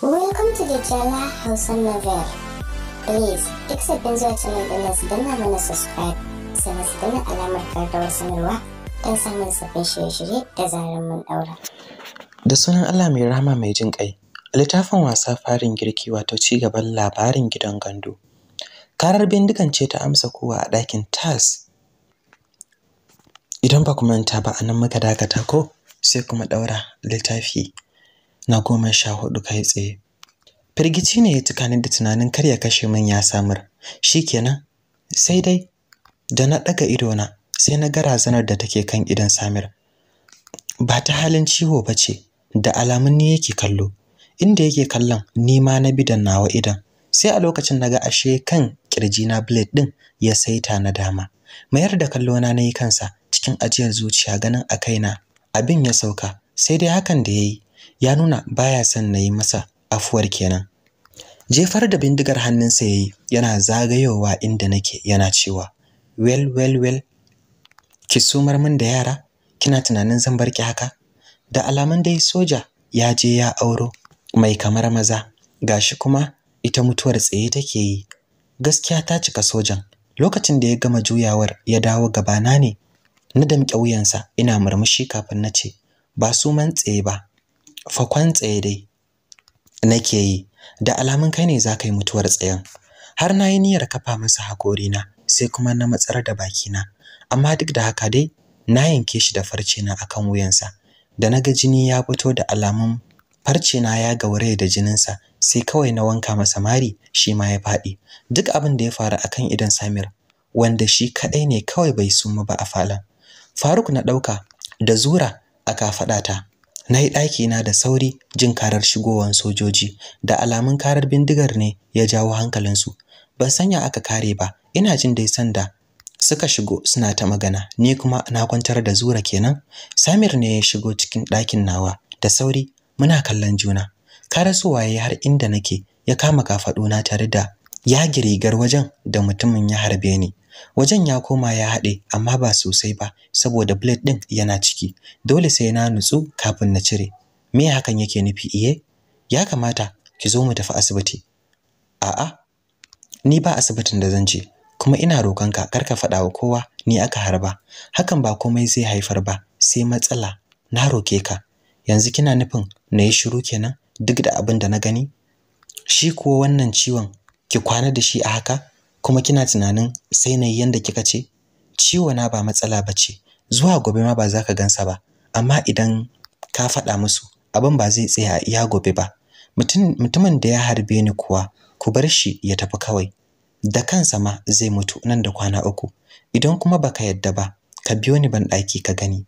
Welcome to the Jella Hausa Novel. Please, duk sabbin zuwa channel din nasu danna mana subscribe sannan su danna alamar karkawar sanarwa don samun sabbin shirye-shirye da zarar mun daura. Da sunan Allah mai rahama mai jin kai, littafin wasa farin girki wato ci gaban labarin gidan gandu. Karar bindigan ce ta amsa kowa a ɗakin tas. Idan ba ku manta ba a nan muka dakata ko sai kuma ɗaura littafi na goma sha hudu kai tsaye firgici ne ya tukani da tunanin kar ya kashe min ya samur kenan sai dai da na ɗaga idona sai na ga razanar da take kan idan samir ba ta halin ciwo ba ce da alamun ni yake kallo inda yake kallon ni ma na bidan nawa idan sai a lokacin na ga ashe kan kirji na blade ɗin ya saita na dama mayar da kallona yi kansa cikin ajiyar zuciya ganin a kaina abin ya sauka sai dai hakan da ya yi. ya nuna baya son na yi masa afuwar kenan jefar da bindigar hannunsa ya yi yana zagayowa inda nake yana cewa well well well ki sumar min da yara kina tunanin zan barki haka da alamun dai soja ya je ya auro mai kamar maza gashi kuma ita mutuwar tsaye take yi gaskiya ta cika sojan lokacin da ya gama juyawar ya dawo gabana ne na damƙe wuyansa ina murmushi kafin na ce ba su man tsaye ba fakon tsaye dai nake yi da alamun kai ne za ka yi mutuwar tsayan. har na yi niyyar kafa masa hakorina sai kuma na matsar da bakina amma duk da haka dai na yanke shi da farcena akan wuyansa da na ga jini ya fito da alamun farcena ya gauraye da jininsa sai kawai na wanka masa mari shi ma ya faɗi duk abin da ya faru a kan idan Samir wanda shi kadai ne kawai bai sumu ba a falon Faruk na ɗauka da zura a ta na yi na da sauri jin karar shigowar sojoji da alamun karar bindigar ne ya jawo hankalinsu ban sanya aka kare ba ina jin dai sanda suka shigo suna ta magana ni kuma na kwantar da zura kenan samir ne ya shigo cikin ɗakin nawa da sauri muna kallon juna karasowa ya yi har inda nake ya kama kafaɗona tare da yagi rigar wajen da mutumin ya harbe ni wajen ya koma ya haɗe amma ba sosai ba saboda blade ɗin yana ciki dole sai na nutsu kafin na cire me hakan yake nufi iye ya kamata ki zo mu tafi asibiti a'a ni ba asibitin da zan je kuma ina ka kar ka faɗa wa kowa ni aka harba hakan ba komai zai haifar ba sai matsala na roke ka yanzu kina nufin na yi shiru kenan duk da abin da na gani shi kuwa wannan ciwon ki kwana da shi a haka kuma kina tunanin sai na yi yanda kika ce ciwo na ba matsala ba ce zuwa gobe ma ba za ka gansa ba amma idan ka faɗa musu abin ba zai tsaya ya gobe ba mutumin da ya harbe ni kuwa ku bar shi ya tafi kawai da kansa ma zai mutu nan da kwana uku idan kuma baka yadda ba ka biyo ni ban ka gani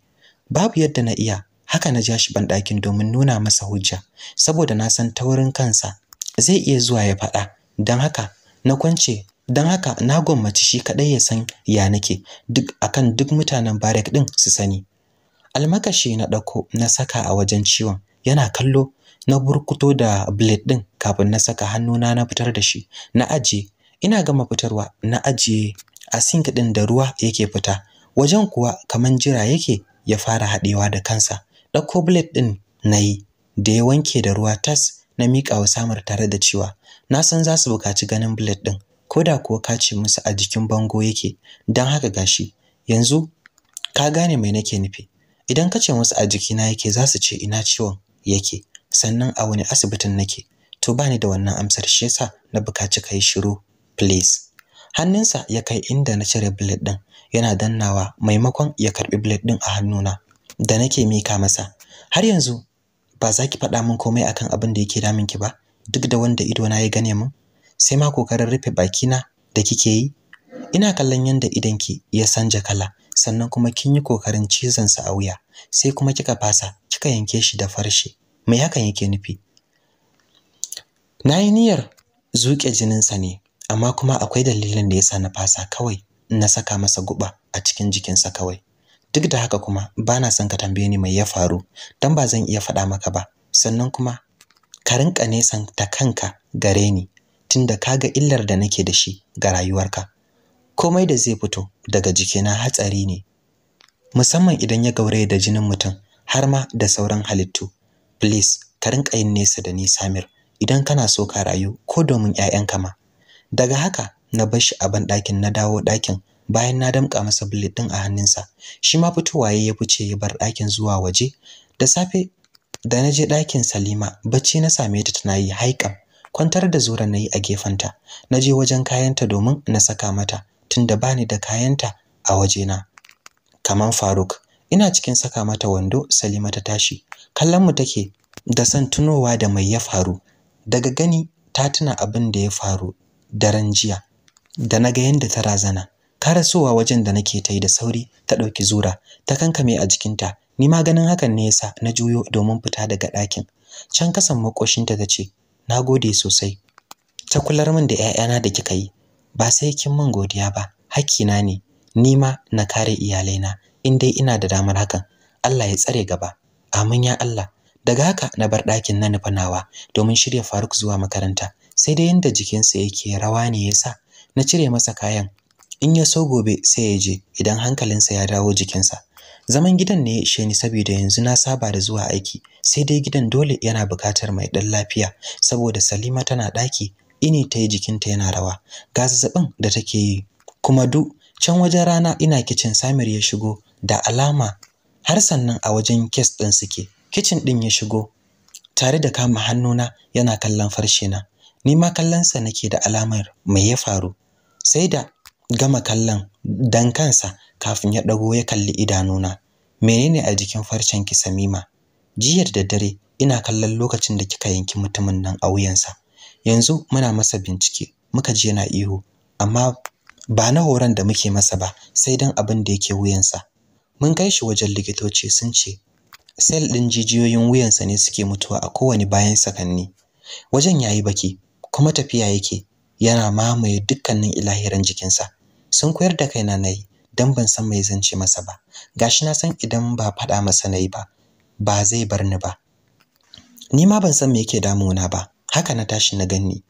babu yadda na iya haka na ja shi ban domin nuna masa hujja saboda na san taurin kansa zai iya zuwa ya faɗa don haka na kwance don haka na gwammaci shi kaɗai ya san ya nake duk akan duk mutanen barek ɗin su sani almakashi na ɗauko na saka a wajen ciwon yana kallo na burkuto da blade ɗin kafin na saka hannuna na fitar da shi na ajiye ina gama fitarwa na ajiye a sink ɗin da ruwa yake fita wajen kuwa kamar jira yake ya fara haɗewa da kansa ɗauko blade ɗin na yi da ya wanke da ruwa tas na miƙa wa samar tare da cewa na san za su buƙaci ganin blade ɗin koda kuwa ka ce musu a jikin bango yake don haka gashi yanzu ka gane mai nake nufi idan ka ce musu a jikina yake za su ce ina ciwon yake sannan a wani asibitin nake to bani da wannan amsar shi yasa na bukaci yi shiru please hannunsa ya kai inda na cire blade din yana dannawa maimakon ya karbi blade din a hannuna da nake mika masa har yanzu ba za ki faɗa min komai akan abin da yake damin ki ba duk da wanda ido na ya gane min sai ma kokarin rufe bakina da kike yi ina kallon yanda idanki ya sanja kala sannan kuma kin yi kokarin cizon sa a wuya sai kuma kika fasa kika yanke shi da farshe me hakan yake nufi Na yi niyyar zuƙe jinin sa ne amma kuma akwai dalilin da yasa na fasa kawai na saka masa guba a cikin jikinsa kawai duk da haka kuma ba na son ka tambaye ni mai ya faru dan ba zan iya faɗa maka ba sannan kuma ka rinƙa nesan ta kanka gare ni tunda ga illar da nake da shi ga rayuwarka komai da zai fito daga jikina hatsari ne musamman idan ya gauraye da jinin mutum har ma da sauran halittu please ka rinka yin nesa da ni Samir idan kana so ka rayu ko domin ƴaƴanka ma daga haka na bar shi a ban ɗakin na dawo ɗakin bayan na damƙa masa bullet ɗin a hannunsa shi ma fitowa ya fice ya bar ɗakin zuwa waje da safe da na je ɗakin Salima bacci na same ta tana yi haiƙam kwantar da zura na yi a gefenta na je wajen kayanta domin na saka mata tunda bani da kayanta a wajena kaman faruk ina cikin saka mata wando salima ta tashi kallon mu take da san tunowa da mai ya faru daga gani ta tuna abin da ya faru daren jiya da na ga yadda ta razana karasowa wajen da nake ta yi da sauri ta ɗauki zura ta kankame a jikinta ni ma ganin hakan ne yasa na juyo domin fita daga ɗakin can kasan makoshinta ta ce na gode sosai ta kular min da 'ya'yana da kika yi ba sai kin min godiya ba hakkina ne ni ma na kare iyalaina in dai ina da damar hakan Allah ya tsare gaba amin ya Allah daga haka na bar ɗakin na nufa nawa domin shirya Faruk zuwa makaranta sai dai yanda jikinsa yake rawa ne ya sa. na cire masa kayan in ya so gobe sai ya je idan hankalinsa ya dawo jikinsa zaman gidan ne ya ishe ni saboda yanzu na saba da zuwa aiki sai dai gidan dole yana buƙatar mai ɗan lafiya saboda Salima tana ɗaki ini ta yi jikinta yana rawa ga zazzabin da take yi kuma du can wajen rana ina kicin Samir ya shigo da alama har sannan a wajen kes ɗin suke kicin ɗin ya shigo tare da kama hannuna yana kallon farshe na ni ma kallonsa nake da alamar mai ya faru sai da gama kallon dan kansa kafin ya ɗago ya kalli idanuna menene a jikin farcen ki samima Jiyar da dare, ina kallon lokacin da kika yanki mutumin nan a wuyansa yanzu muna masa bincike muka ji yana ihu amma ba na horon da muke masa ba sai dan abin da yake wuyansa mun kai shi wajen likitoci sun ce sel ɗin jijiyoyin wuyansa ne suke mutuwa a kowane bayan sakanni wajen yayi baki kuma tafiya yake yana mamaye dukkanin ilahiran jikinsa sun koyar da kaina nayi dan ban san mai zan ce masa ba gashi na san idan ba faɗa masa nayi ba ba zai bar ni ba ni ma ban san me yake damuna ba haka na tashi na ganni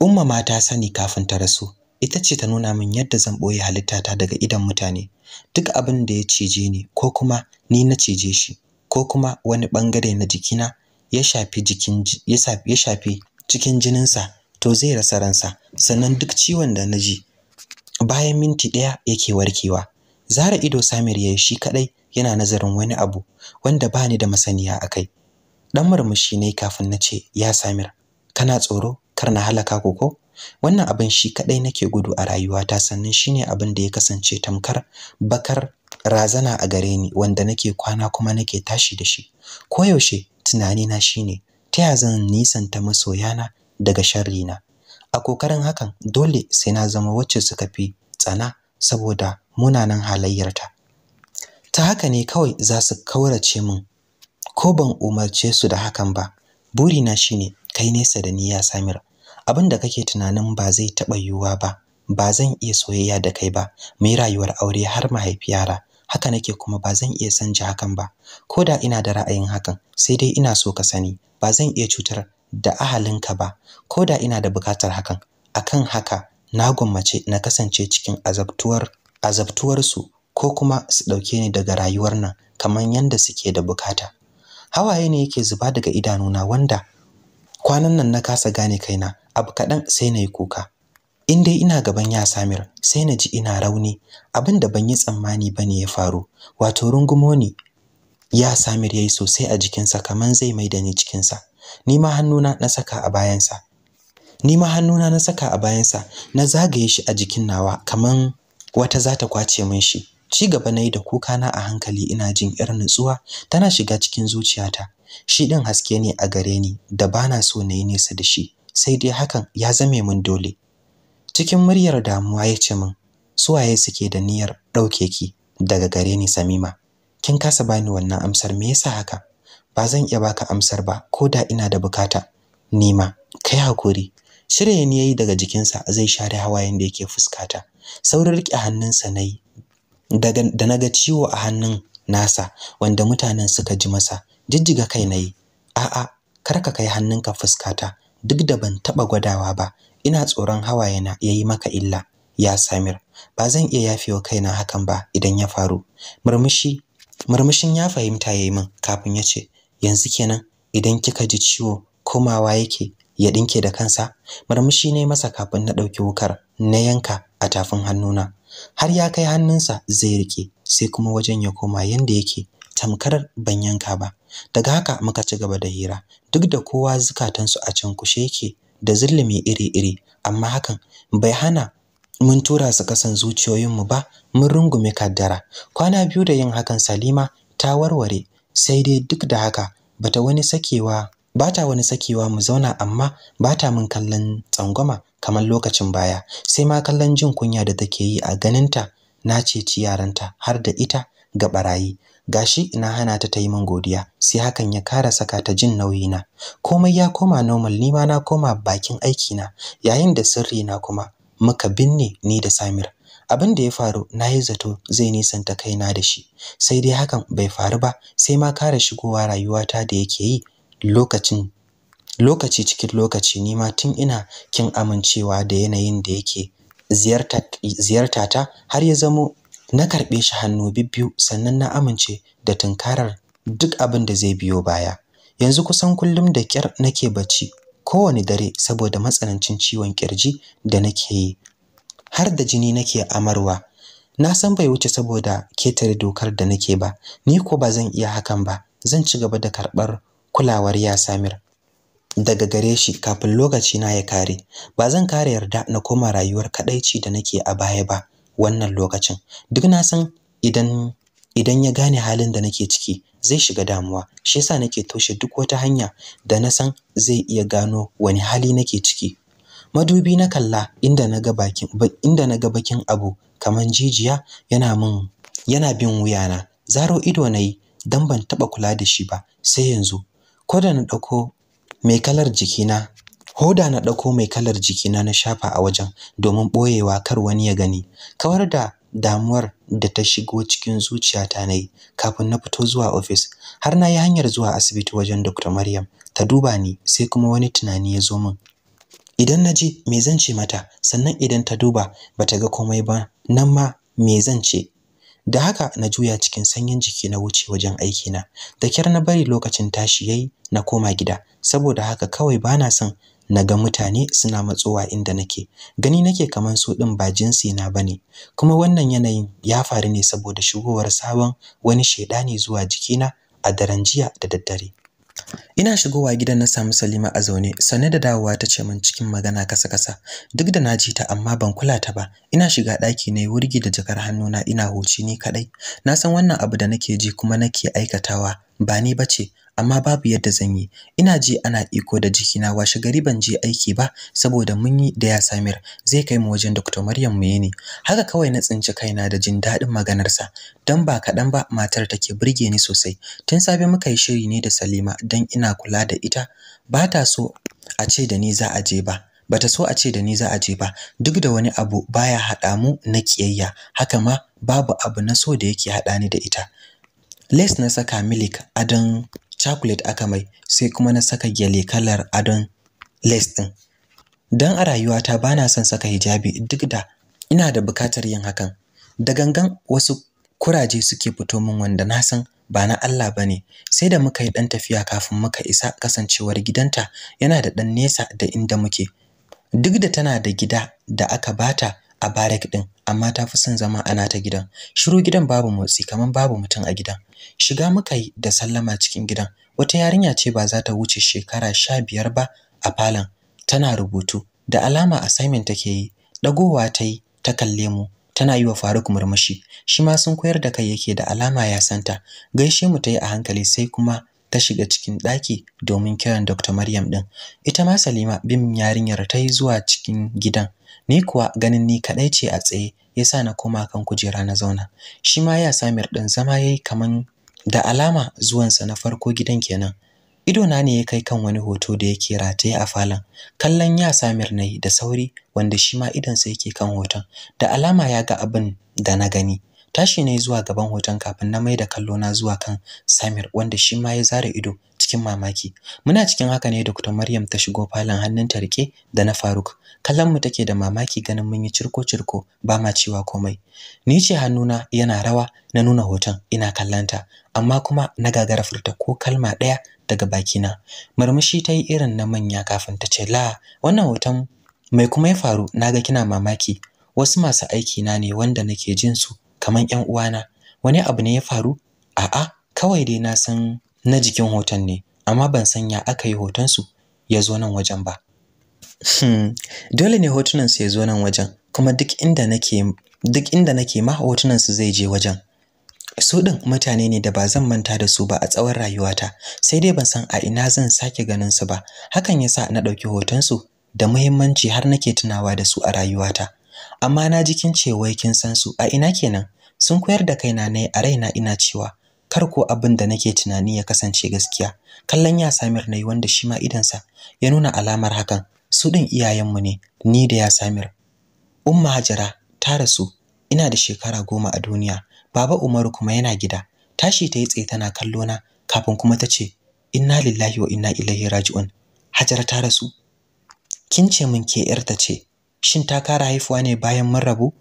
umma ma ta sani kafin ta rasu ita ce ta nuna min yadda zan boye halittata daga idan mutane duk abin da ya cije ni ko kuma ni na cije shi ko kuma wani bangare na jikina ya shafi jikin ya shafi cikin jininsa to zai rasa ransa sannan duk ciwon da na ji bayan minti ɗaya yake warkewa zara ido samir ya yi shi kaɗai yana nazarin wani abu wanda ba ni da masaniya a kai ɗan murmushi ne kafin na ce ya samir kana tsoro kar na halaka ku ko wannan abin shi kaɗai nake gudu a rayuwata sannan shine abin da ya kasance tamkar bakar razana a gare ni wanda nake kwana kuma nake tashi da shi koyaushe tunanina shine ta ya zan nisanta masoyana daga sharrina a kokarin hakan dole sai na zama wacce suka fi tsana saboda munanan halayyarta ta haka ne kawai za su kaurace min ko ban umarce su da hakan ba burina shine kai nesa da ni ya samir abin da kake tunanin ba zai taɓa yiwuwa ba ba zan iya soyayya da kai ba mai rayuwar aure har mahaifi yara haka nake kuma ba zan iya san hakan ba ko da ina da ra'ayin hakan sai dai ina so ka sani ba zan iya cutar da ahalinka ba ko da ina da bukatar hakan akan haka na gwammace na kasance cikin azabtuwar azabtuwarsu ko kuma su ɗauke ni daga rayuwar nan kamar yadda suke da bukata hawaye ne yake zuba daga idanuna wanda kwanan nan na kasa gane kaina abu kaɗan sai na yi kuka in dai ina gaban ya samir sai na ji ina rauni abin da ban yi tsammani ba ne ya faru wato rungumo ne ya samir ya yi sosai a jikinsa kamar zai mai da ni cikinsa ni ma hannuna na saka a bayansa ni ma hannuna na saka a bayansa na zagaye shi a jikin nawa kaman wata za ta kwace min shi ci gaba na yi da kukana a hankali ina jin irin nutsuwa tana shiga cikin zuciyata shi ɗin haske ne a gare ni da bana so na yi nesa da shi sai dai hakan ya zame min dole cikin muryar damuwa ya ce min su waye suke da niyyar ɗauke ki daga gare ni samima kin kasa bani wannan amsar me yasa haka ba zan iya baka amsar ba ko da ina da bukata nima kai hakuri shirye ni yayi daga jikinsa zai share hawayen da yake fuskata saurin rike hannunsa nayi daga da naga ciwo a hannun nasa wanda mutanen suka ji masa jijjiga kai nayi a'a kar ka kai hannunka fuskata duk da ban taba gwadawa ba ina tsoron hawayena ya yi maka illa ya Samir ba zan iya yafewa kaina hakan ba idan ya faru murmushi murmushin ya fahimta yayi min kafin ya ce yanzu kenan idan kika ji ciwo komawa yake ya dinke da kansa Marmushi ne masa kafin na ɗauki wukar na yanka a tafin hannuna har ya kai hannunsa zai rike sai kuma wajen ya koma yanda yake tamkar ban yanka ba daga haka muka ci gaba da hira duk da kowa zukatansu a can kushe yake da zulumi iri-iri amma hakan bai hana mun tura su kasan zuciyoyinmu ba mun rungume kaddara kwana biyu da yin hakan Salima ta warware sai dai duk da haka bata wani sakewa bata wani sakewa mu zauna amma bata min kallon tsangwama kamar lokacin baya sai ma kallon jin kunya da take yi a ganinta na ci yaranta har da ita ga barayi gashi ina hana ta ta yi min godiya sai hakan ya kara saka ta jin nauyi na komai ya koma normal ni ma na koma bakin aikina. na yayin da sirri na kuma muka binne ni da Samir abin da ya faru na yi zato zai nisanta kaina da shi sai dai hakan bai faru ba sai ma kare shigowa rayuwata da yake yi lokaci cikin lokaci ni ma tun ina kin amincewa da yanayin da yake ziyarta ta har ya zamo na karɓe shi hannu bibbiyu sannan na amince da tunkarar duk abin da zai biyo baya yanzu kusan kullum da kyar nake bacci kowane dare saboda matsanancin ciwon kirji da nake yi har da jini nake amarwa na san bai wuce saboda ketare dokar da nake ba ni ko ba zan iya hakan ba zan ci gaba da karɓar kulawar ya samir daga gare shi kafin lokaci na ya kare ba zan kare yarda na koma rayuwar kadaici da nake a baya ba wannan lokacin duk na san idan idan ya gane halin da nake ciki zai shiga damuwa shi yasa nake toshe duk wata hanya da na san zai iya gano wani hali nake ciki madubi na kalla inda na ga bakin inda na ga bakin abu kaman jijiya yana min yana bin wuyana zaro ido na yi dan ban taɓa kula da shi ba sai yanzu ko da na ɗauko mai kalar jikina hoda na ɗauko mai kalar jikina na shafa a wajen domin ɓoyewa kar wani ya gani kawar da damuwar da ta shigo cikin zuciyata na yi kafin na fito zuwa ofis har na yi hanyar zuwa asibiti wajen Dr. Maryam ta duba ni sai kuma wani tunani ya zo min idan na ji me zan ce mata sannan idan ta duba bata ga komai ba nan ma me zan ce da haka na juya cikin sanyin jiki na wuce wajen aiki na. da kyar na bari lokacin tashi yayi na koma gida saboda haka kawai bana son na ga mutane suna matsowa inda nake gani nake kaman su din ba jinsi na bane kuma wannan yanayin ya faru ne saboda shigowar sabon wani shedani zuwa jikina a daren jiya da daddare ina shigowa gidan na samu Salima a zaune sanne da dawowa ta ce min cikin magana kasa kasa duk da na ji ta amma ban kula ta ba ina shiga ɗaki ne wurge wurgi da jakar hannuna ina huci ni kaɗai na san wannan abu da nake ji kuma nake aikatawa ba ni bace amma babu yadda zan yi ina ji ana iko da jikina washe gari ban je aiki ba saboda mun yi da ya Samir zai kai mu wajen Dr. Maryam mu ne haka kawai na tsinci kaina da jin daɗin maganarsa dan ba kaɗan ba matar take burge ni sosai tun safe muka yi shiri ne da Salima dan ina kula da ita ba ta so a ce da ni za a je ba bata so a ce da ni za a je ba duk da wani abu baya haɗa mu na kiyayya haka ma babu abu na so da yake haɗa ni da ita les na saka milik a don chocolate aka mai sai kuma na saka gyale kalar adon lace din dan a rayuwata bana son saka hijabi duk da ina da bukatar yin hakan da gangan wasu kuraje suke fito min wanda na san ba na Allah bane sai da muka yi dan tafiya kafin muka isa kasancewar gidanta yana da dan nesa da inda muke duk da tana da gida da aka bata a barak din amma ta fi son zama a nata gidan shiru gidan babu motsi kamar babu mutum a gidan shiga muka yi da sallama cikin gidan wata yarinya ce ba za ta wuce shekara sha biyar ba a falon tana rubutu da alama a assignment take yi dagowa ta yi ta kalle mu tana yi wa Faruk murmushi shi ma sun koyar da kai yake da alama ya santa gaishe mu ta yi a hankali sai kuma ta shiga cikin ɗaki domin kiran Dr. Maryam ɗin Ita ma Salima bin yarinyar ta yi zuwa cikin gidan. Ni kuwa ganin ni kaɗai ce a tsaye Ya sa na koma kan kujera na zauna. Shi ma ya Samir din zama ya yi kaman da alama zuwansa na farko gidan kenan. idona ne ya kai kan wani hoto da yake rataye a falon kallon ya samir yi da sauri wanda shi ma idonsa yake kan hoton da alama ya ga abin da na gani tashi ne zuwa gaban hoton kafin na mai da kallo na zuwa kan Samir wanda shi ma ya zara ido cikin mamaki muna cikin haka ne Dr Maryam ta shigo falon hannunta rike da na Faruk kallon mu take da mamaki ganin mun yi cirko cirko ba ma cewa komai ni ce hannuna yana rawa na nuna hoton ina kallanta amma kuma na gagara furta ko kalma ɗaya daga bakina murmushi ta yi irin na manya kafin ta ce la wannan hoton mai kuma ya faru naga kina mamaki wasu masu aiki na ne wanda nake jin su Kaman ƴan uwana wani abu ne ya faru a'a kawai dai na san na jikin hoton ne amma ban san ya aka yi hoton su ya zo nan wajen ba hmm, dole ne hotunan su ya zo nan wajen kuma duk inda nake duk inda nake ma hotunan su zai je wajen su ɗin mutane ne da ba zan manta da su ba a tsawon rayuwata sai dai ban san a ina zan sake ganin su ba hakan yasa na ɗauki hotonsu da muhimmanci har nake tunawa da su a rayuwata amma na ji kin ce wai kin san su a ina kenan sun koyar da kaina yi a raina ina cewa kar ko abin da nake tunani ya kasance gaskiya kallon ya Samir nayi wanda shi ma idansa ya nuna alamar hakan su din iyayenmu ne ni da ya Samir Umma Hajara ta rasu ina da shekara goma a duniya baba Umaru kuma yana gida tashi ta yi tsaye tana kallo na kafin kuma ta ce inna lillahi wa inna ilaihi raji'un Hajara ta rasu kin ce min ke yarta ce shin ta kara haifuwa ne bayan mun rabu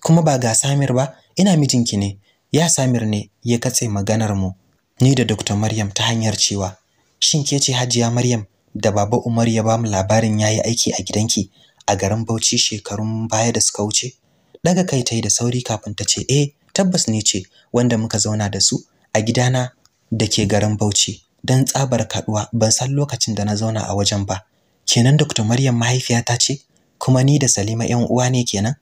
kuma ba ga Samir ba ina mijinki ne ya Samir ne ya katse maganar mu ni da Dr. Maryam ta hanyar cewa shin ke ce Hajiya Maryam da Baba Umar ya bamu labarin yayi aiki a gidanki a garin Bauchi shekarun baya da suka wuce daga kai tai da sauri kafin ta ce eh tabbas ne ce wanda muka zauna da su a gidana da ke garin Bauchi dan tsabar kaduwa ban san lokacin da na zauna a wajen ba kenan Dr. Maryam mahaifiyata ce kuma ni da Salima ƴan uwa ne kenan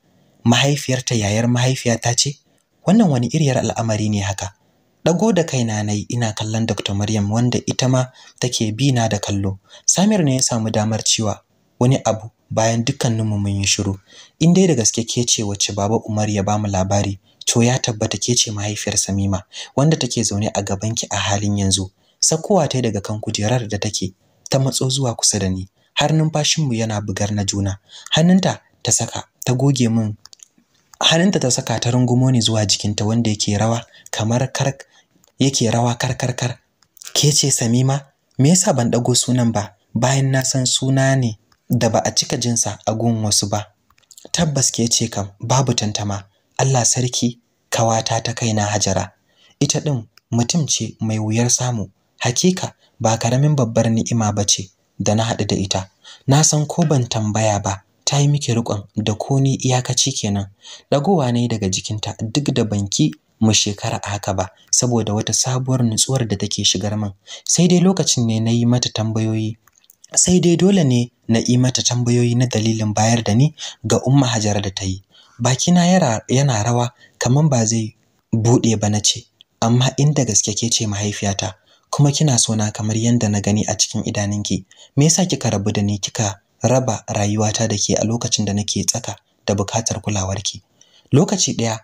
mahaifiyarta yayar mahaifiyata ce wannan wani iriyar al'amari ne haka dago da kaina nayi ina kallon Dr. Maryam wanda ita ma take bi na da kallo Samir ne ya samu damar cewa wani abu bayan dukkaninmu mun yi shiru in dai da gaske ke ce wacce baba Umar ya bamu labari to ya tabbata ke ce mahaifiyar Samima wanda take zaune a gabanki a halin yanzu sakowa ta daga kan kujerar da take ta matso zuwa kusa da ni har numfashinmu yana bugar na juna hannunta ta saka ta goge min hannunta ta saka ta rungumo ni zuwa jikinta wanda yake rawa kamar kar yake rawa karkarkar ke ce samima me yasa ban dago sunan ba bayan na san suna ne da ba a cika jinsa a gun wasu ba tabbas ke ce kam babu tantama Allah sarki kawata ta kaina hajara ita din mutum ce mai wuyar samu hakika ba karamin babbar ni'ima ba ce. da na haɗu da ita na san ko ban tambaya ba ta yi miki riƙon da ko ni iyakaci kenan ɗagowa ne daga jikinta duk da banki mu shekara a haka ba saboda wata sabuwar nutsuwar da take shigar min sai dai lokacin ne na yi mata tambayoyi sai dai dole ne na yi mata tambayoyi na dalilin bayar da ni ga umma hajara da ta yi bakina yana rawa kamar ba zai buɗe ba na ce amma inda gaske ke ce mahaifiyata kuma kina sona kamar yanda na gani a cikin idanunki me yasa kika rabu da ni kika raba rayuwata da ke a lokacin da nake tsaka da bukatar kulawarki lokaci ɗaya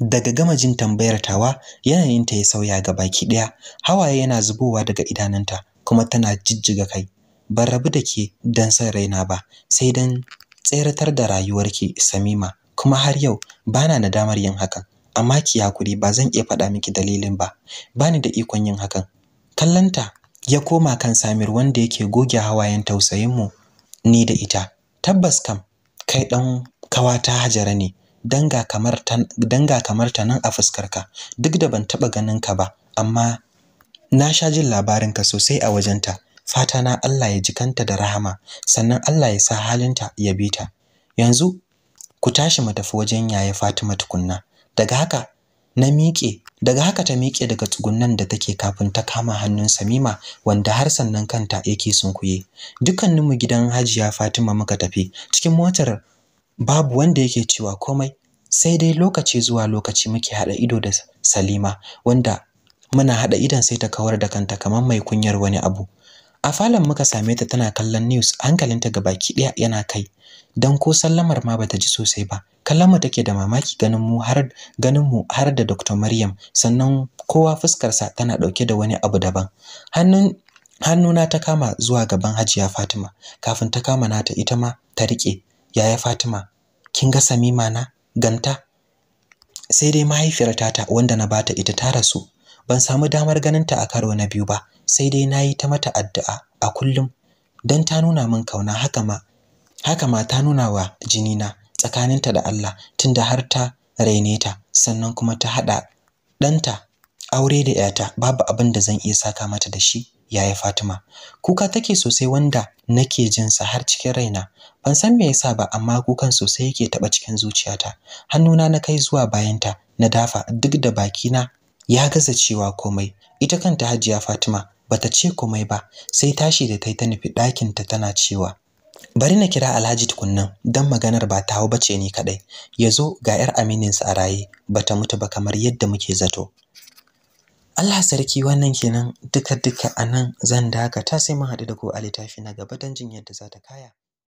daga gama jin tambayar tawa yanayinta ya sauya ga baki ɗaya. hawaye yana zubowa daga idanunta kuma tana jijjiga kai ban rabu da ke dan san raina ba sai dan tseratar da rayuwarki samima kuma har yau bana na damar yin hakan amma ki hakuri ba zan iya faɗa miki dalilin ba bani da ikon yin hakan kallanta ya koma kan samir wanda yake goge hawayen tausayinmu ni da ita tabbas kam kai ɗan kawata hajara ne danga kamar ta nan a fuskarka duk da ban taɓa ganin ka ba amma na sha jin labarinka sosai a wajenta fata na Allah ya jikanta da rahama sannan Allah ya sa halinta ya bi ta yanzu ku tashi mu tafi wajen yaya Fatima tukunna daga haka na miƙe daga haka ta miƙe daga tsugunnan da take kafin ta kama hannun Samima wanda har sannan kanta yake sunkuye mu gidan Hajiya Fatima muka tafi cikin motar babu wanda yake cewa komai sai dai lokaci zuwa lokaci muke hada ido da Salima wanda muna hada idan sai ta kawar da kanta kamar mai kunyar wani abu a falon muka same ta tana kallon news hankalinta baki ɗaya yana kai dan ko sallamar ma bata ji sosai ba kallon mu take da mamaki ganin mu har ganin mu har da Dr. Maryam sannan kowa fuskar sa tana dauke da wani abu daban hannun hannuna ta kama zuwa gaban Hajiya Fatima kafin ta kama nata ita ma ta rike yaya Fatima kin ga Samima na ganta sai dai mahaifiyar tata wanda na bata ita ta rasu ban samu damar ganin ta a karo na biyu ba sai dai na yi ta mata addu'a a kullum don ta nuna min kauna haka ma haka ma ta nuna wa jinina tsakaninta da Allah tunda har ta raine ta sannan kuma ta haɗa ɗanta aure da ‘yata babu abin da zan iya saka mata da shi yaya Fatima kuka take sosai wanda nake jin sa har cikin raina ban san me yasa ba amma kukan sosai yake taɓa cikin zuciyata hannuna na kai zuwa bayanta na dafa duk da bakina ya gaza cewa komai ita kanta Hajiya Fatima bata ce komai ba sai tashi da tai ta nufi ɗakin ta tana cewa bari na kira Alhaji tukunnan dan maganar ba ta hau bace ni kadai yazo ga yar aminin sa a raye bata mutu ba kamar yadda muke zato Allah sarki wannan kenan duka duka anan zan dakata sai mun haɗu da ku a littafi na gaba dan jin yadda za ta kaya